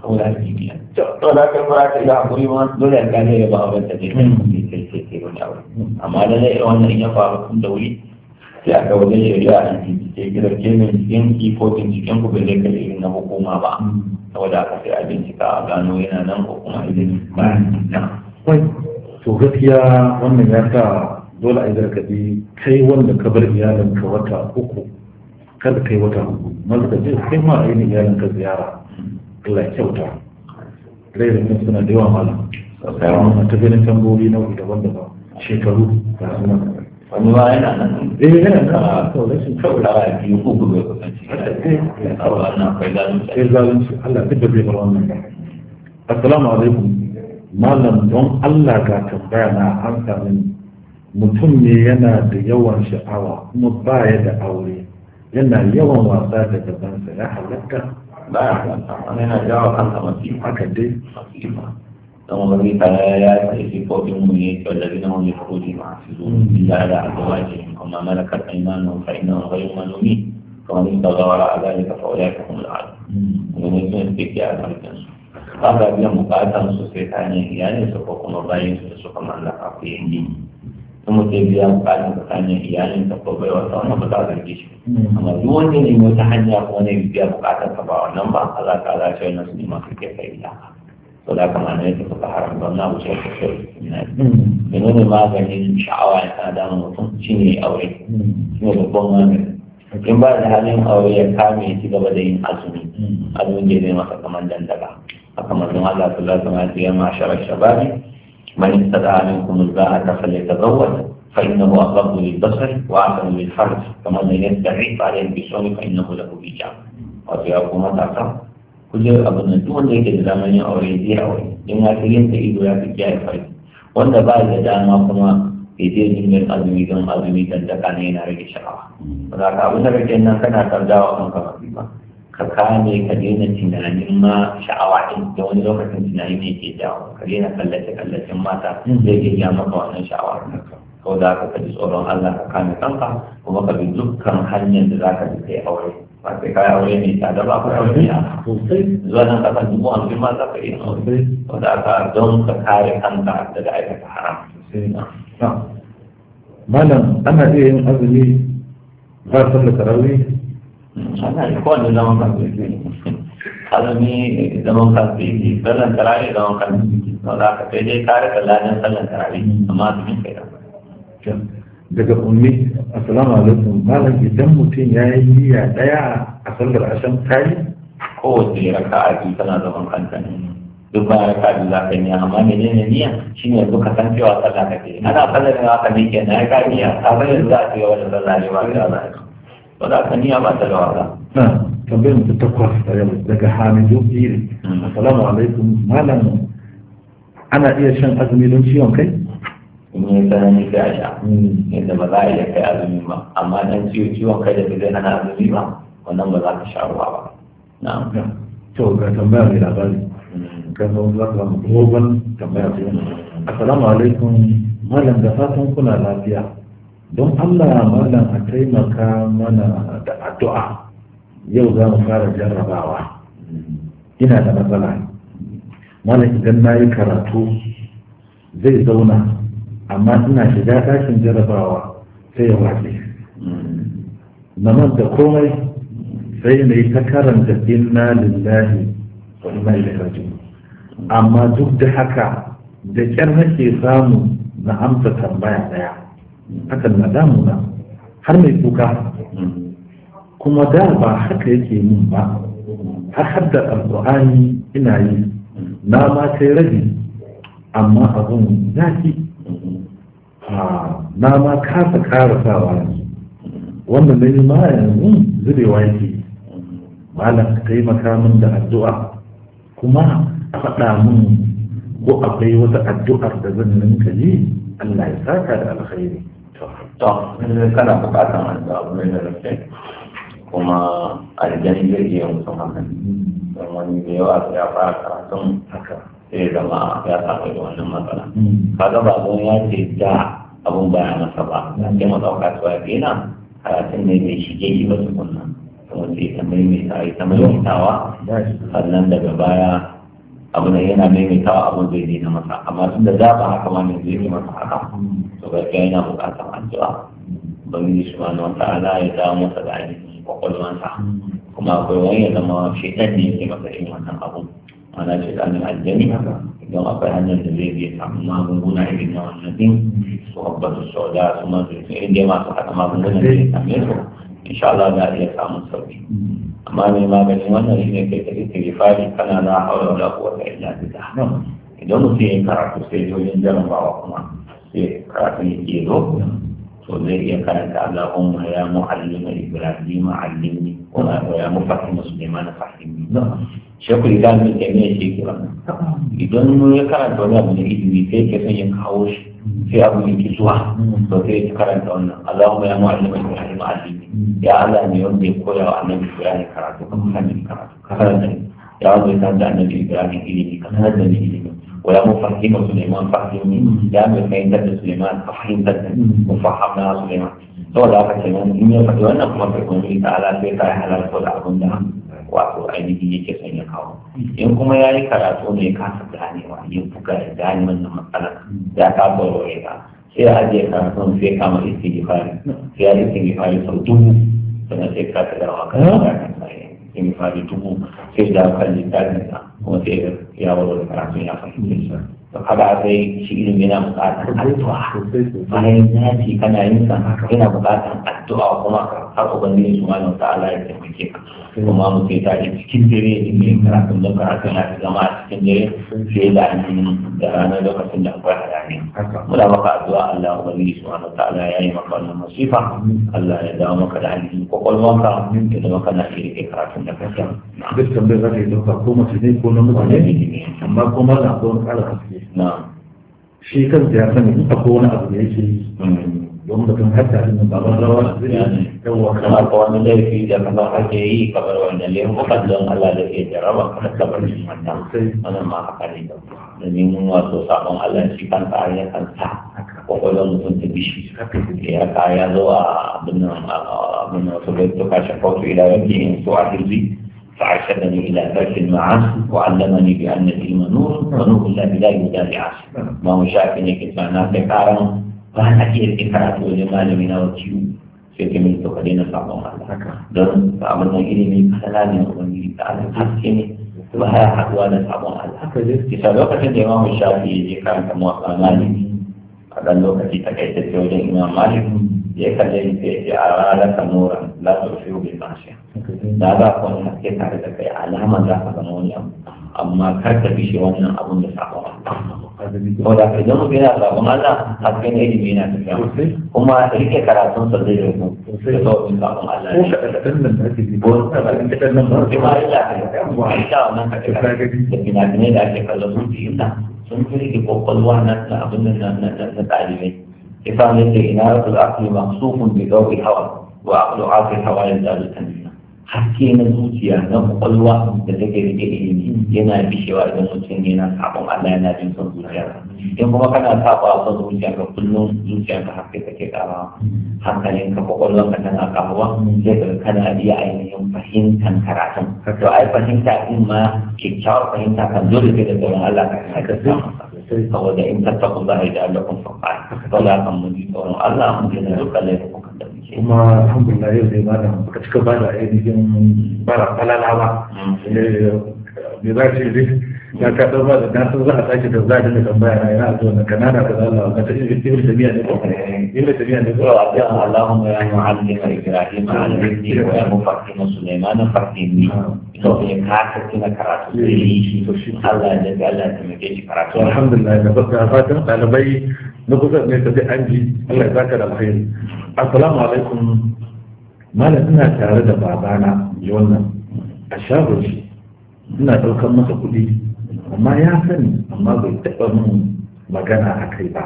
C: ko da hakin biyan to da ka fara ta ga hakuri ma dole a gane ya ba abin da zai kai kai kai wani abu amma da zai wannan ya faru tun da wuri sai aka wajen shari'a a bincike gidan kenan ki ko binciken ku bai zai irin na hukuma ba saboda aka sai a bincika a gano yana nan ko kuma idan ba
B: to gaskiya wannan ya sa dole a yi gargaɗi kai wanda ka bar iyalinka wata uku kada kai wata uku masu ka kai ma ainihin iyalinka ziyara Allah ya kyauta rairin nan suna da yawa malam sayawa ta ganin tambobi na daban daban shekaru ga suna wani ba yana nan eh yana nan a ah, rashin kawai da biyu uku ga kusanci eh, eh. a wannan kai zalunci kai zalunci Allah duk da bai bar wannan ba. assalamu alaikum malam don Allah ga tambaya na an sami mutum ne yana da yawan sha'awa kuma baya da aure yana yawan wasa da gabansa ya
A: halatta ba ya halatta wani yana jawo
C: kansa masifa haka dai masifa don wani tare ya yi sifofin mu ne kyau da zina wani furuji ma su zo illa da abuwa ce amma malakar aimanu fa ina wa gayu manomi kamar yin da gawara a zalika fa wani ka kuma al'adu domin sun fi ke a zargin su ba ga biyan bukatan su sai ta ne iyalin su ko kuma bayan su da suka mallaka ku yanki kuma sai biya bukatun kanyar iyalin ta ko bai wata wannan ba za a zarge shi mm. amma duk wanda ne mai wata hanya ko wani biya bukatun ka ba wannan ba a ta za ta yi nasu ne masu ke kai da to da kamar ne ta fuka haram ba na wuce ta sai mm. menene maganin sha'awa ya ta dama mutum shine aure mm. shine babban maganin in ba da halin aure ya kame ya ci gaba da yin azumi azumin da zai masa kamar dandala. a kamar don Allah sallallahu alaihi wa sallam ya ma sharar shababi من استدعى منكم الباءة فليتزوج فإنه أقرب للبصر وأعظم للفرج فمن لم يستعيذ فعليه بسوم فإنه له بجام. Wato ya kuma tafa, ku je abu na wanda yake da zamani a wurin zai a wani, yin ido ya fi kiyaye wanda ba da dama kuma ya je jirgin azumi don azumi don daga ne yana rage sha'awa. Ba za ka abu da rage nan kana tarjawa kan kamar ba. ka kame ka daina tunanin ma sha'awa din da wani lokacin tunani ne ke jawo ka daina kallace kallacen mata zai ya maka wannan sha'awa Ko da ka ji tsoron Allah ka kame kanka kuma ka bi dukkan hanyar da za ka bi kai aure ba sai kai aure ne ta da ba ka aure ne a zuwa nan kasan dubu an ma za ka yi aure Ko da ka don ka kare kanka daga aikata haram.
B: Malam ana iya yin azumi ba sallar tarawih
C: ana kowane zaman kafiri azumi zaman kafiri sallan tarawih zaman kafiri to za ka kai dai kare kallajen sallan tarawih amma azumin kai
B: daga ummi assalamu alaikum malam idan mutum ya yi niyya daya a sallar ashan tayi
C: kowace oh, raka'a biyu tana zaman kanta ne duk bayan raka biyu za ka niyya amma ne ne niyya shi ne duka san cewa sallah ke. ana sallar ne ma ka ne na ya ka niyya ka za a ce sallah ne ba ka za ba za ka niya ba ta da waka
B: tambayar mu ta takwas daga hamidu iri mm. assalamu alaikum malam ana iya shan azumi don ciwon kai
C: in yi tsanani da sha mm. yadda ba za a iya kai azumi ba amma dan ciwo ciwon kai da zai hana azumi ba wannan ba za ka sha ruwa ba na'am
B: to ga tambaya mai labari mm. kan zama za ka zama dogon tambaya ce assalamu alaikum malam da fatan kuna lafiya don allah mana a taimaka mana da addu'a yau za mu fara jarrabawa ina da matsala mana idan na yi karatu zai zauna amma ina shiga ɗakin jarrabawa sai ya wace na manta komai sai na yi ta karanta inna lillahi wa inna ilaihi raji'un amma duk da haka da kyar nake samu na amsa tambaya ɗaya hakan na damuna har mai kuka kuma da ba haka yake min ba har haddar alƙur'ani ina yi na ma kai rabi amma abun zafi na ma kasa karasawa yanzu wanda na yi yanzu zubewa yake malam ka taimaka min da addu'a kuma a faɗa min ko akwai wata addu'ar da zan ninka yi
C: Allah ya saka da alkhairi to kana bukatan an abu mai rarrafe kuma aljani zai iya mutum hakan don wani da yawa ya fara karatun sai zama ya samu da wannan matsala kaga ba gon ya ce da abun baya masa ba sai mu dauka cewa kenan karatun ne bai shige shi ba tukunna kuma sai ta maimaita ta maimaitawa sannan daga baya abu ne yana maimaita abin zai daina masa amma tun da zaɓa haka ma ne zai masa haka to gaskiya yana buƙatar addu'a na wata ala ya dawo masa da ainihin kwakwalwansa kuma akwai wani ya zama shaitan ne yake masa yin wannan abu mana shaitanin aljani don akwai hanyar da zai je samu magunguna irin na wannan din su habbatu sauda su ma mazu irin ya masu haɗa magungunan da ya same su insha Allah za a iya samun sauki amma mai magani wannan shi ne kai kai tilifari kana na haura da kuwata illa billah idan mutum ya karatu sai jojin jarabawa kuma sai karatu ya ke zo to zai iya karanta Allahumma ya mu'allima Ibrahim allimni wa ya mufahimu Sulaiman fahimni shekul islam bin jami'a shi kira idan ya karanta wani abu na ilimi sai ke son ya kawo shi sai abu ne ki zuwa to sai ya karanta wannan allahumma ya mu'allima ibrahim alimi ya allah ne wanda ya koya wa annabi ibrahim karatu kuma sanin karatu karanta ya wanda ya san da annabi ibrahim ilimi ka sanar da ni ilimi ولا مفهمة سليمان فهمني لا مفهمة سليمان فهمت وفهمنا سليمان to da aka ce nan in ya faɗi wannan kuma sai kuma ta ala sai ta halal ko da abun da wato ainihin yake sanya ya kawo in kuma ya yi karatu ne ya kasa ganewa yin buga da gani wannan matsala ya kasa warware ba sai ya ajiye karatu sai kama istighfari sai ya istighfari sau dubu sannan sai ka ta dawa kan karatun sai istighfari dubu sai da kan littafin sa kuma sai ya warware karatu ya fahimci sa kaba sai shi ilimi yana bukatar addu'a bayan naci kana yin sa yana bukatar addu'a kuma har ubangiji su malam ta ta'ala ya taimake ka kuma mu sai ta cikin dare in ne karatun da karatun ya zama a cikin dare sai da ni da ranar lokacin da akwai hayani muna maka addu'a Allah bani su malam ta ta'ala ya yi maka wannan masifa Allah ya dawo maka da hannun kwakwalwanka da zama na shi rike karatun da kake
B: duk tambayar da ka yi dauka ko mace ne ko namiji ne amma kuma na ko kara haske shi kan ya sani in akwai wani abu da yake yi don
C: laifi da kamar ake yi kamar wanda da ke jaraba kamar shi wannan da domin sabon Allah shi ya kwakwalwar mutum ta bishi ka ya zo a abin nan abin nan su bai tuka a hirzi فأرشدني إلى ترك المعاصي وعلمني بأن العلم نور ونور الله بلا يدار عاصي ما هو شاكني كتبنا تكارم فأنا أكيد إكرات ولمال من وكيو sai mai to ka sabon Allah don abin nan ilimi kasala ne ubangiji ta Allah haske ne ba ya haɗuwa da sabon Allah kisa lokacin da imamu shafi ya je karanta a malami a ɗan lokaci ta kai ta wajen imam malik ya kalle ni ce ya Ala ka nura la su fi bi mashi da za haske tare da kai alama za ka zama wani abu amma kar ka shi wannan abun da sabon ko da kai don mu yana sabon Allah hasken ilimi ta tafiya kuma rike karatun sa zai rubu da Allah ko ka nan da ake ko ka nan ba ma ka yi ta wannan da fina da ake kallon sun turke kwakwalwa na abin da na ɗalibai ya sa ne da ina rasul akli maksufun bi gauri hawa wa aklu akli hawa ya zalu tanfi haske na zuciya na kwakwalwa da gari da ilimi yana bishewa idan mutum yana sabon Allah yana jin son zuciya in kuma kana saba son zuciya ka kullum zuciya ka haske ka ke karawa hankalin ka kwakwalwa ka tana karuwa zai ka kana iya ainihin fahimtar karatun to ai fahimta in ma kyakkyawar fahimta kan da ke da tsoron Allah ka kasa saboda in tattaku za a yi faɗa wanda kan mun ji tsoron Allah da muke.
B: Kuma alhamdulillah yau zai bada baka cika bada ainihin
C: bara falala ba. Mm. Eh,
B: za ya ka dan ba da na san za a sake da za da dinga tambaya na yana zuwa na kanada ka zalla ka ta ibn tabiya ne ko ibn tabiya ne ko ya
C: Allahumma ya mu'allim ibrahim alimni wa ya mufaqqim sulaiman faqqimni to ya ka ta kina karatu da yi shi to shi Allah ya ga Allah ya make shi karatu alhamdulillah da baka
B: fatan dalibai na kusa ne ta ji an ji Allah ya zaka da alheri assalamu alaikum malam ina tare da babana yi wannan a shagon shi ina ɗaukar masa kuɗi amma ya sani amma bai taɓa mun magana a kai ba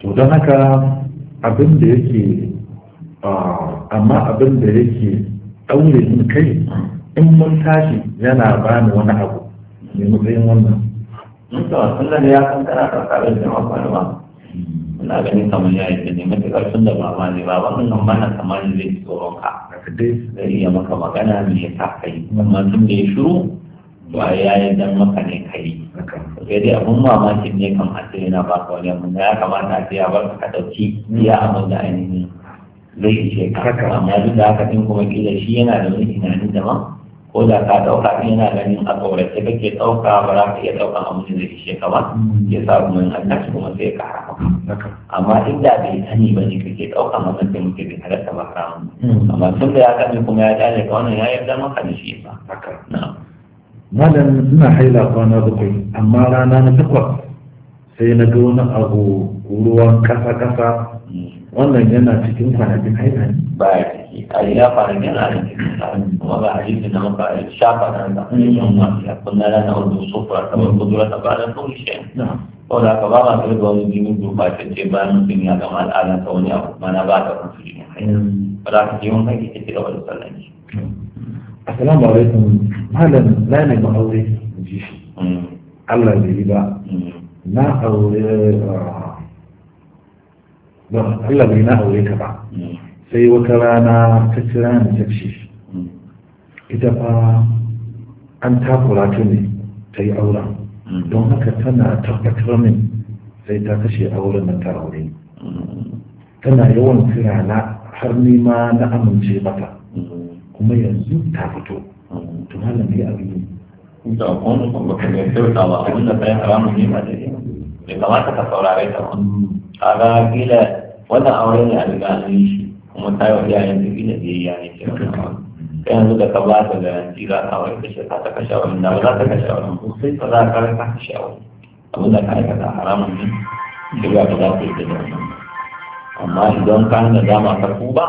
B: to don haka abin da yake amma abin da yake ɗaure min kai in mun tashi yana bani wani abu mai matsayin wannan
C: Allah ya san kana karkarar da ba ina ganin kamar ya yi ne matuƙar tun da ba ma ne ba wannan nan mana kamar zai tsoron ka zai iya maka magana ne ta sa kai amma tun da ya shiru to ya yi dan maka ne kai sai dai abun mamakin ne kan asiri na ka wani abun da ya kamata a ce a bar ka dauki ya abun da ainihin zai ishe ka amma duk da haka din kuma kila shi yana da wani tunanin ma ko da ka ɗauka in yana ganin a tsorace kake ɗauka ba za ka iya ɗauka a da ishe ka ba mm. ya sa kuma in Allah kuma sai ka haka amma inda da bai sani ba ne kake ɗauka masa da muke bai halatta ba haramun mm. amma tun da ya sani kuma ya dace ka wannan ya yarda maka da shi ba na'am
B: malam suna haila kwana bakwai amma rana na takwas sai na ga wani abu ruwan kasa kasa wannan yana cikin kwanakin haila ne
C: ba ya ciki a ina kwanakin haila ne kuma yi hadisi nama ba a shafa mm. na da yin wasu ya kuna rana wanda su fara kamar kudura ta bada sun shi ko da ka ba ma ta da wani jini gurba ta ce bayan mutum ya gama al'ada ta wani abu mana ba ta wasu jini haila mm. ba za ka je wani haƙi ta ce da wani sallan
B: السلام عليكم هذا لا نبغي نجيش الله يجيبا ما أولي الله بينا أولي تبع سي وكرانا تتران تبشيش إذا فا أن تقول أتني سي أولا دون هكا تنا تغبتر من سي تاكشي أولا من تغولين تنا يوان تنا حرني ما نأمن شيء بطا kuma yanzu ta fito to malam ya abin
C: yi da wani kuma ka ga kyauta ba abin da kai haramun ne ba dai bai kamata ka saurare ta ba a ga kila wannan aure ne a riga an yi shi kuma ta yi wa iyayen da kila da ya yi ce wannan aure kai yanzu da ka ba ta garanti za ka wani kashe ka ta kashe wani na ba za ta kashe wani ba sai ba za ka ka kashe wani abin da ka aikata haramun ne shirya ba za ka yi da wannan amma idan ka hanga dama ka tuba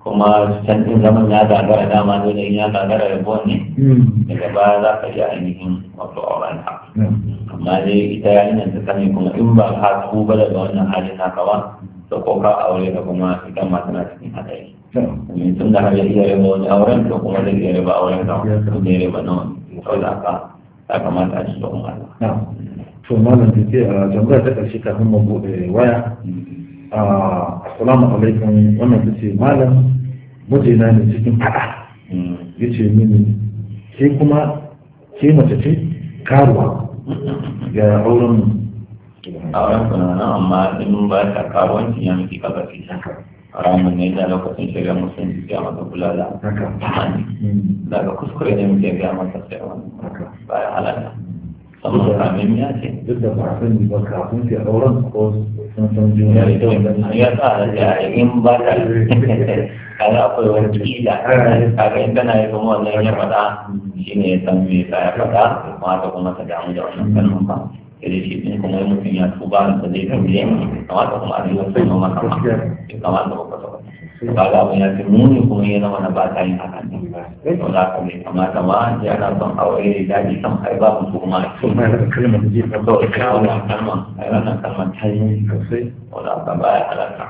C: kuma can ɗin zaman ya gagara dama ne da ya gagara buwan ne hmm. daga baya za ka ji ainihin wato auren ha hmm. amma dai ita ya ina ta sani kuma in ba ka tuba daga wannan halin haka ba to ko ka aure ka kuma idan ma tana cikin hadari hmm. domin tun da har ya iya raba wani auren to kuma zai iya raba auren ka tun da ya raba na wani da ka ta kamata a ci don Allah.
B: to malam da ke eh, a tambaya ta ƙarshe kafin mu buɗe waya
C: Ah,
B: assalamu alaikum wannan ta ce malam na ne cikin fada mm, ya ce mini ke kuma ke mace ce karuwa ga auren
C: a na amma in ba ta karuwanci ya miki kafa ce ramin ne da lokacin shiga musulunci ya masa bulala mm. daga kuskure ne muke gaya masa sai wani ba ya halatta mm. saboda ramin ya
B: ce duk da ba a sani ba kafin ke auren ko in
C: ba ka kaga akwai wani kila kaga in kana yi kuma wannan ya faɗa shi ne ya san me yasa ya faɗa kuma kuma ka damu da wannan kalmar ba sai shi ɗin kuma mutum ya tuba da zai tambaye kamata kuma a yi wasu yi masa ba kamata kaga abin ya fi muni ko ne zama na ba ta yin haka ne to za ka mai kamata ma ya na son aure da daji san ai ba mu kuma to ma da kalmar ji ka ba ka wannan kalmar ai wannan kalmar ta yi sosai wala ka ba ya halaka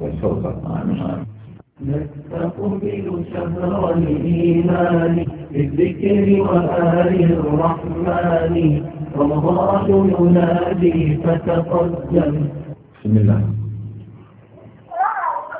C: da sauka amin
A: نستقبل شهر الإيمان بالذكر وآل الرحمن رمضان ينادي فتقدم بسم الله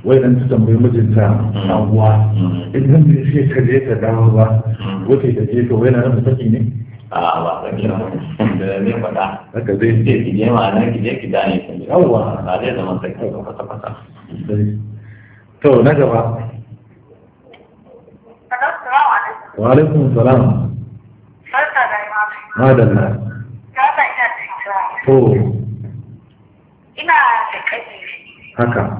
B: wai dan ta tambayi mijinta abuwa mm. idan bai ce ka je ka dawo ba wace mm. ta je ka wai na nan mutaki ne
C: a ba ka kira da ne faɗa haka zai ce ki je ma nan ki je ki dane ki yawa ba zai zama sai ka kwata kwata
B: to na gaba wa alaikum salam barka da ma madalla ka ta ina da to
A: ina da kaji haka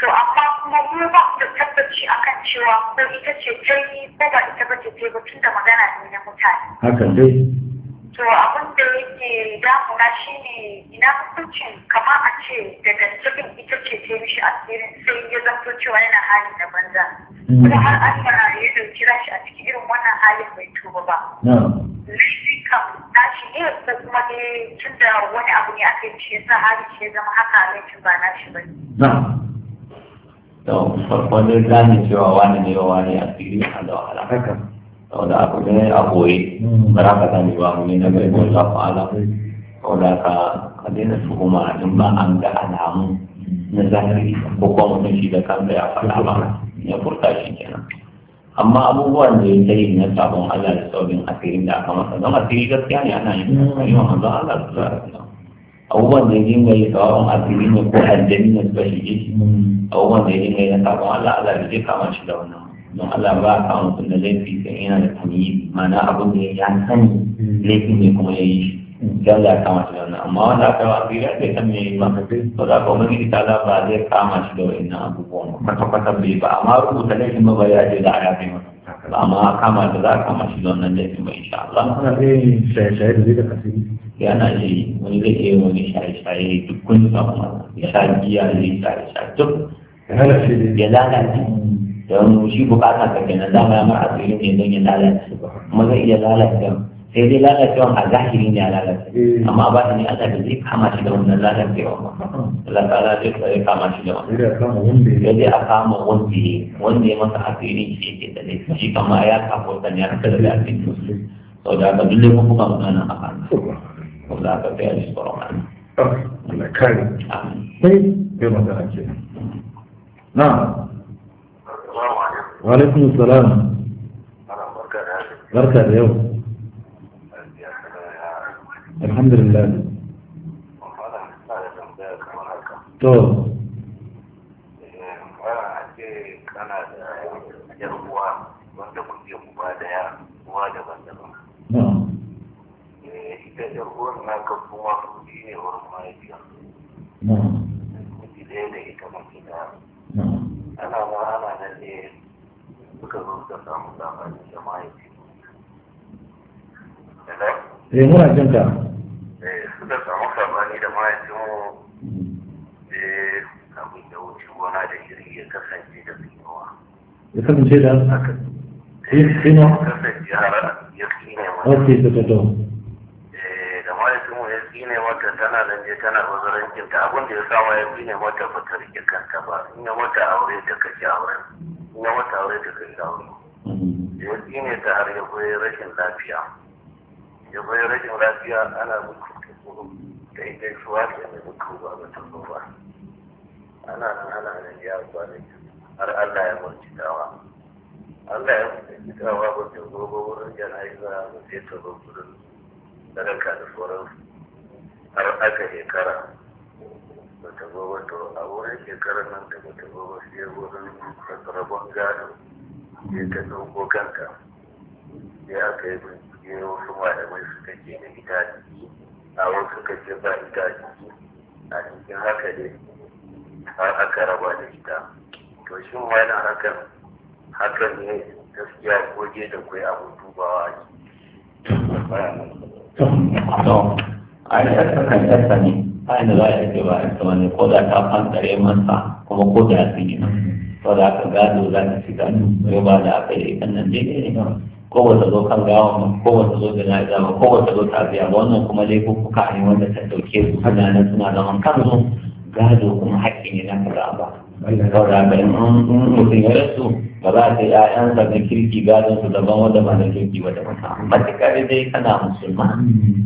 A: to amma kuma mu ba da tabbaci a kan cewa ko ita ce yi ko ba ita ba ce ba tun da magana ne na mutane haka dai to abin da yake damuna ne, ina hukuncin kamar a ce daga cikin ita ce ta yi mishi asirin sai ya zanto cewa yana hali da banza hmm. kuma har an fara ya dauki shi a cikin irin wannan halin bai tuba ba laifi kam shi ne ko kuma ne tun da wani abu ne aka yi shi ya sa hali shi ya zama haka laifin ba shi ba ne
C: to farko dai a fili a da wahala haka a koyi ka sani ba mu na bai za ku ala in ba ga alamu na zahiri ko kuma mutum da kanta ya faɗa ba ya furta shi kenan amma abubuwan da ya tsaye na sabon Allah da saurin asirin da aka masa don asiri gaskiya ne ana yi wa manzon Allah sallallahu abubuwan da ya dinga yi tsawon asiri ne ko aljami ne suka shige shi abubuwan da ya dinga yi na sabon Allah Allah bai zai kama shi da wannan don Allah ba a kama mutum da laifi sai yana da tamiyi mana abin da ya sani laifin ne kuma ya yi shi ya za a kama shi da wannan amma wanda aka yi asiri ya zai san me yi ba to za ka umarni ta Allah ba zai kama shi da wa'innan abubuwan ba kwata-kwata bai ba amma rubuta laifin ba ba ya ce za a yafe masa ba amma kama da za a kama shi don nan laifin insha Allah.
B: shaye-shaye da zai da
C: wani zai wani shaye-shaye duk kun ya sha giya zai shaye-shaye duk. Ya lalace. Don shi bukata ka kenan dama ya mara asiri ne don ya lalace ba. Kuma zai iya lalace sai dai lalacewa a zahiri ne a lalace eh. amma ba ni a zahiri zai kama shi da wannan lalacewa ba Allah ta ala zai tsare kama shi da wannan sai dai a kama wanda ya wanda ya masa asiri shi yake da ne shi kama ya kafa kama wanda ya rasa da lafiya sau da haka dole kuma kuma muna nan a hannu sau da haka sai a ji tsoron hannu. Allah kare. Sai bai magana ke.
B: Na. Wa alaikum salam. Barka da yau. alhamdulillah to
D: ita yar da jin suka samu sabani da mahaifinmu da abin da wuce gona da shiri ya kasance da tsinuwa ya kasance da
B: eh, ya
D: tsinuwa kasance har ya tsine mata ok to to to eh, da mahaifinmu ya tsine mata tana nan je tana bazarancin ta abin da ya sama ya tsine mata ba ta rike kanta ba in ya mata aure ta kashe auren in ya mata aure ta kashe auren mm-hmm. ya tsine ta har ya koyi rashin lafiya ya koyi rashin lafiya ana mutu dai gaisuwa da mai mutu ba mutum ba ana nan ana nan ya kwanaki har Allah ya murci dawa Allah ya murci dawa ba ta zo wurin jana'iza ba sai ta zo wurin sadaka da sauransu har aka shekara ba ta zo ba to a wurin shekarar nan da ba ta zo ba sai wurin rabon gado sai ta ɗauko kanta Ya aka yi bincike wasu malamai suka ke da gida da a wasu kace ba ita a ciki a cikin haka ne har aka raba da ita to ma wani hakan
A: hakan ne gaskiya goge da kwai abu dubawa ne a da kan tasa ne kayan da za a yake ba ita
C: wani ko da ta fantare masa kuma ko da ya fi ne ba da aka gado za ta shiga yau ba da aka yi kan nan daidai ne ba ko ba ta zo kan gawa ko ba ta zo jana'iza ba ko ba ta zo tafiya ba wannan kuma laifuka ne wanda ta ɗauke su suna nan suna zaman kansu gado kuma haƙƙi ne na kaza ba saboda in mutum ya rasu ba za ta yi ‘ya'yansa na kirki gadon su daban wanda ba na kirki ba da wata matuƙar dai kana musulma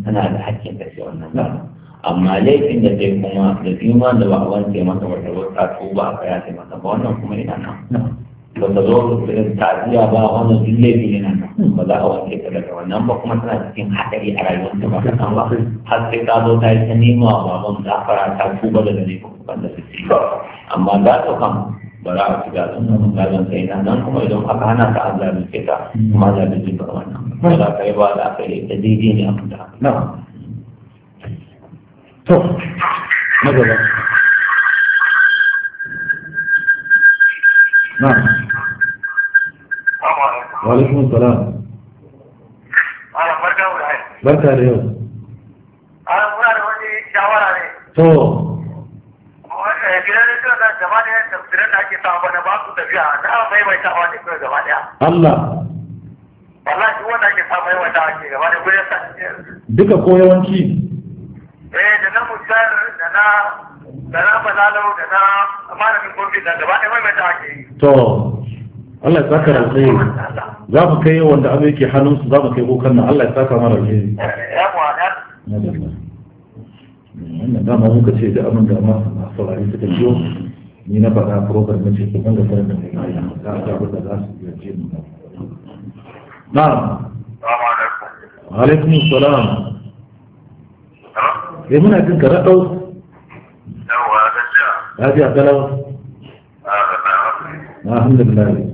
C: kana da haƙƙin ce wannan gado amma laifin da dai kuma da fi da ba a wanke masa wata wata ko ba a kaya sai ba wannan kuma ina nan ba ka zo tafiya ba wannan duk laifi yana ba za a wanke ta daga wannan ba kuma tana cikin haɗari a rayuwar ta ba kan ba har sai ka zo ta yi ta nema wa baban zafara ta tuba ko laifukan da sisi ba amma za ta kan ba za a shiga don nan zan sai na nan kuma idan aka hana ta an zabi zalunce ta kuma za ta jin ba wannan ba za ta yi ba za ta yi ta daidai ne a fita. To, na gaba.
B: Na'am. wa alaikum salam ana barka da hai barka da yau ana kuna da wani shawara ne to
D: gidan da kan gaba da tafsirin da ake sawa bana ba su tafiya na mai mai tawa ne kuma gaba daya Allah wallahi wanda ake sawa mai wata ake gaba da gurin sa
B: duka ko yawanci
D: eh da na musar da na da na balalau da na malamin gobe da gaba daya mai mai tawa ke
B: to Allah ya saka alkhairi za mu kai wanda abin yake hannunsu za mu kai kokan nan Allah ya saka mana alheri wannan dama muka ce da abin da ma saurari suka ciwo ni na faɗa program na ce kuma ga sanar da mai kaya za a jabar da za su yarje mu na na'am alaikum salam eh muna jin ka raɗau yawa gajiya gajiya kalau ah, alhamdulillah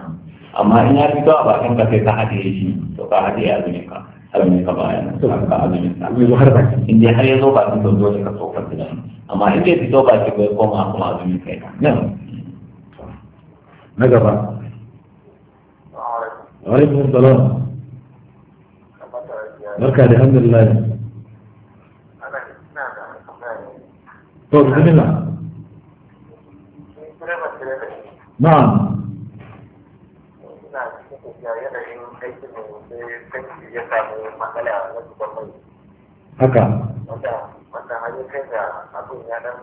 C: amma in ya fito a bakin ka sai ka haɗe shi to ka haɗe ya zume ka azumin ka bayan ka azumin ka yanzu har baki in dai har ya zo bakin ka zo ka so ka tunan amma in dai fito baki bai koma kuma azumin kai
B: nan na gaba wa alaikum salam
D: barka da alhamdulillah
B: to bismillah na'am
A: sai ya samu matsala mai haka
D: wanda wanda kai da abin ya dan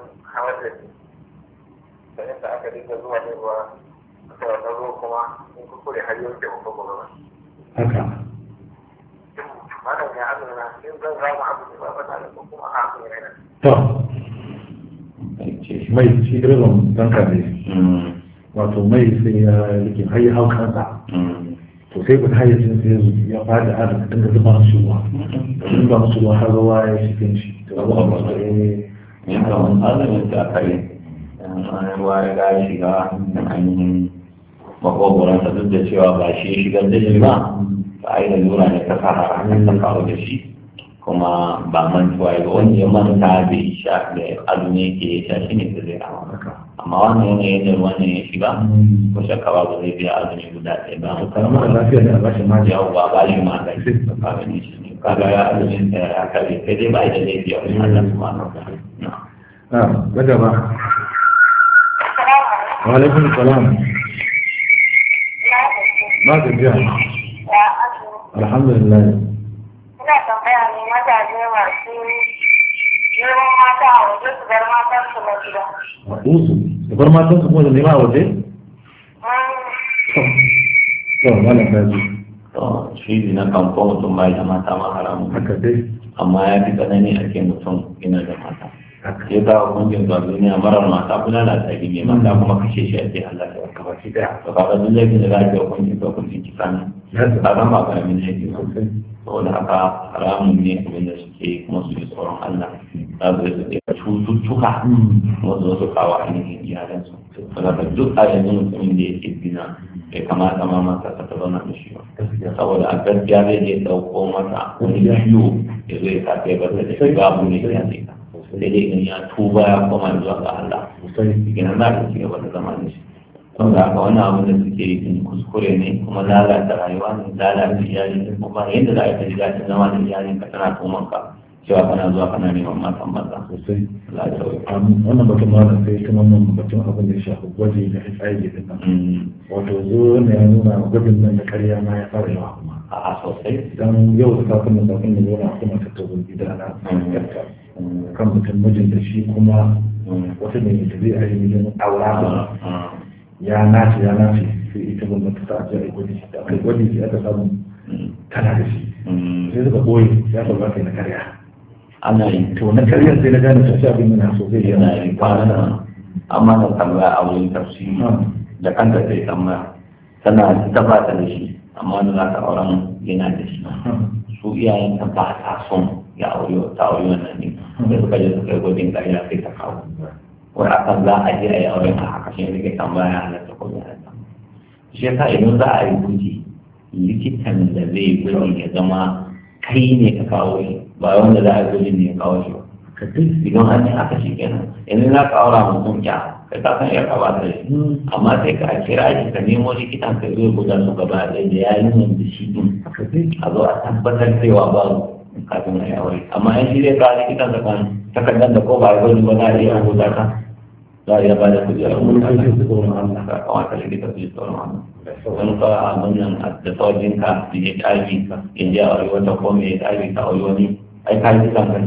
D: da da aka dinka zuwa ne kuma in ke haka ya amina in zan abu ba kuma a abu ne
B: na to mai shi irin don kare mm. wato mai sai ya rike yi hau mm. to sai guda ya zai sai ya fada har dinga zuba musu ruwa zuba su ruwa har zuwa ya kan
C: shi da zuwa ba da ya ne ya kawo azumin da aka yi ruwa ya ga shiga ainihin makogwaransa duk da cewa ba shi shigar da shi ba ta ainihin lura ne ta sahara ta kawo da shi kuma ba man mantuwa ba wanda ya manta bai sha da ne ke ya shi ne da zai hawa amma wannan ya yadda ruwan ya shiga ko shakka ba zai biya ne guda ɗaya ba ko karamar lafiya da albashi ma ya ba ba yi ma da shi ba ga shi ne kaga ya azumin da ya kare sai dai ba da zai biya wani Allah su ma na
B: ba gaba wa alaikum salam ma ga biya alhamdulillah
A: ina tambaya ne mazaje masu neman mata a waje su bar matan su na gida.
B: Wato su, su bar matan su kuma da nema a waje?
C: To, malam ta ji. To, shi zina kan ko mutum bai da mata ma haramu. Haka dai. Amma ya fi tsanani ake mutum ina da mata. ya sa hukuncin zuwa duniya marar mata kuna na tsari mai mata kuma kashe shi a ce Allah ta warka ba da daya to kaga zai laifin da za a ce hukuncin zuwa hukuncin ba ne ba zan ba karamin laifi ba wani haka haramun ne abin da suke kuma su yi tsoron Allah ba zai yi su ɗaya cututtuka kuma wasu wasu kawo ainihin iyalansu saboda duk a yanzu mutumin da yake bina bai kamata ma mata ka taɓa na shi ba saboda a gaskiya zai je ɗauko mata wani ciwo ya zo ya sa ba zai da shi babu ne ya zai sai dai idan ya tuba ya koma zuwa ga Allah musulmi su gina za ta ci wani da shi don ga haka wani abin da suke yi sun kuskure ne kuma lalata rayuwa ne lalata iyali ne kuma yadda za a yi ta cikin zama da iyali ka tana tuman ka cewa kana zuwa kana neman matan maza sosai wannan
B: batun ma sai kuma mun batun abin da ya shafi gwaji da tsaye da nan mm. wato zo ne ya nuna gwajin nan da karya ma ya fara yawa kuma a sosai don yau da kafin da kafin da zo na kuma tattauna gida na mm. yarka kan mutum da shi kuma um, wata mai da zai ayi mijin aura ba ya nace ya nace sai ita mutu ta ajiye a gwani da kai gwani sai aka samu tana da shi sai suka boye ya ba kai na karya ana yi to na karya sai na gane tafiya bin yana so zai yana yi kwana
C: amma na tambaya a wurin tafsi ah. da kanta sai tambaya tana ta ba ta da shi amma da za ta auren yana da shi ah. su iyayen ta ba ta son ya aure ta aure wannan ne da suka je hmm. suka yi gwajin ƙarya sai ta kawo wani akan za a je a yi auren a haka shi ne tambaya a nan ta kuma halatta shi yasa idan za a yi gwaji likitan da zai gwaji ya zama kai ne ka kawo shi ba wanda za a yi gwajin ne ya kawo shi ba ka duk idan an yi haka shi kenan yanzu za ka aura mutum ya ka ta san ya kaba ta yi. amma sai ka kira shi ka nemo likitan ka zo guda su gaba da ya yi nan da shi a zo a tabbatar cewa babu kafin na aure amma in shi zai kawo likitan sa kan takardar da ko ba ya gani ba za a iya rubuta ka za a iya ba da kuɗi a rubuta ka ka kawata likita su yi tsoron Allah wani ka wannan da sojin ka su yi ɗaki ka in ji a wani wata ko mai ɗaki ka a wani ai ka yi kan kan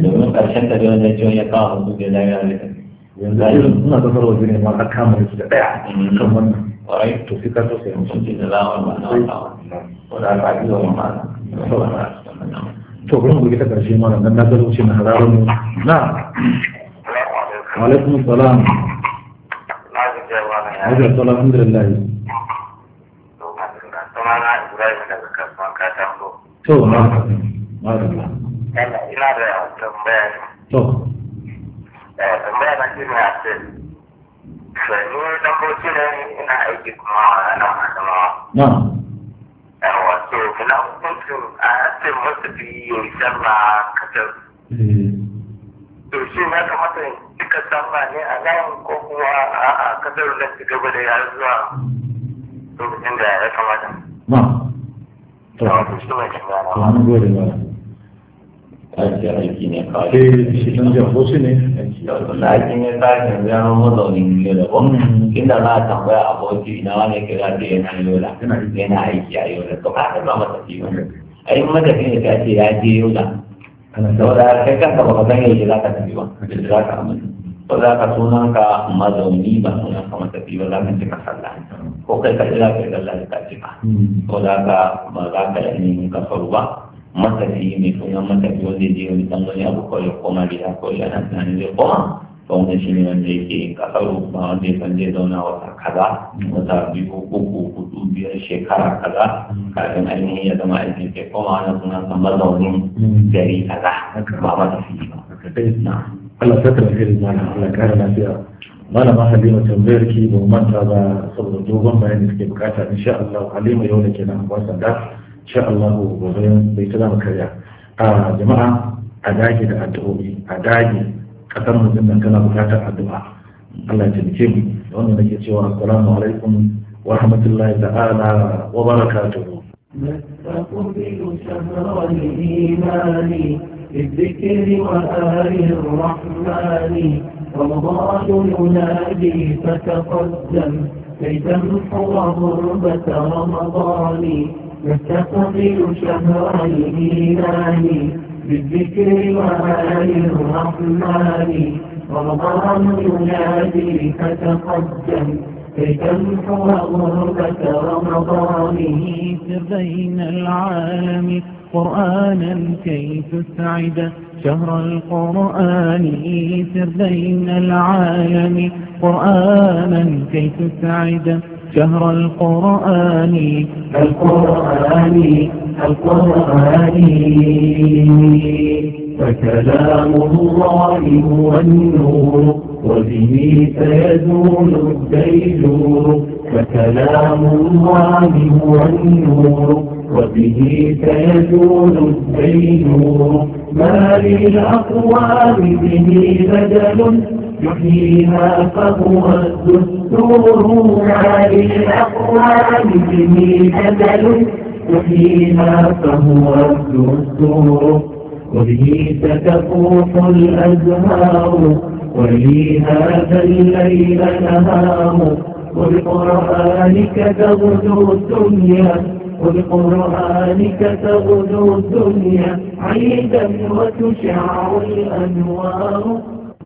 C: domin ƙarshen ta da wani ya kawo a da zai da yanzu a yanzu
B: suna zafar waje ne ma ka kama su da mm-hmm. kan wannan ƙwarai to da za a wani ma'ana wani wani wani wani wani wani to kuma mu ta karshe ma nan na zaro shi na hararar mu na wa alaikum salam Ajiyar Sola, alhamdulillah. To, ma ka ma
D: ka Ina da tambaya. To. Tambaya na shi ne a ce, Ni dan bauchi ne ina aiki kuma na adamawa. Na. yawa to na hukuncin a yasin masu fi yi sallah kasar hmm. to shi ya kamata duka sallah ne a nan ko kuma a kasar na ci gaba da yar zuwa lokacin da ya kamata.
A: Ba. To, to, to,
B: to, to,
C: to, to, to, to, to, wancan aiki ne kawai
B: eh shi dan jihar bauchi ne
C: lakin ya tashi yanzu ya zama mazaunin yola ba inda za a tambaya a bauchi ina wani ke za ta yana yola yana aiki a yola to ka ta ba masa wani ai matafi ne ta ce ya je yola saboda kai kanka ba ka san yaushe za ka tafi ba za ka amince ba za ka sunan ka mazauni ba sunan ka matafi ba za ka cika sallah ko kai ka jira kai sallah da ka cika hmm. ko za ka ba za ka yi ka faru ba matafi mai sunan matafi wanda ya je wani dan wani abu kawai koma gida kawai yana tunanin zai koma to wanda shi ne wanda yake yin kasaro ba wanda ya san zai zauna wata kaza wata biyu uku hudu biyar shekara kaza kafin ainihin ya zama aikin sai koma wani suna san mazaunin gari kaza ba matafi ba.
B: Allah saka da irin mana Allah kare lafiya malama halima tambayar ki ba manta ba saboda dogon bayani suke bukata insha Allah halima yau da ke nan, wasa da شاء الله وغيرهم في كذا آه جماعة أداجي لأدعوبي أداجي قطر من زمن كنا بكاتا الدعاء الله يتنكيب وانا نجي سوى عليكم ورحمة الله تعالى وبركاته
A: مسك شهر الإيمان بالذكر وآل الرحمن رمضان ينادي فتقدم كي تمحو غربة رمضان نستقبل شهر الإيمان بالذكر وآل الرحمن رمضان ينادي فتقدم كي تمحو غربة رمضانه بين العالم قرآنا كي تسعد شهر القرآن سر بين العالم قرآنا كي تسعد شهر القرآن القرآن القرآن فكلام الله هو النور وبه سيزول الديجور فكلام الله هو النور وبه سيكون الدين ما للأقوام به بدل يحييها فهو الدستور ما للأقوام به بدل يحييها فهو الدستور وبه ستفوح الأزهار ولي هذا الليل نهار وبقرآنك تغدو الدنيا وبقرآنك تغدو الدنيا عيدا وتشع الأنوار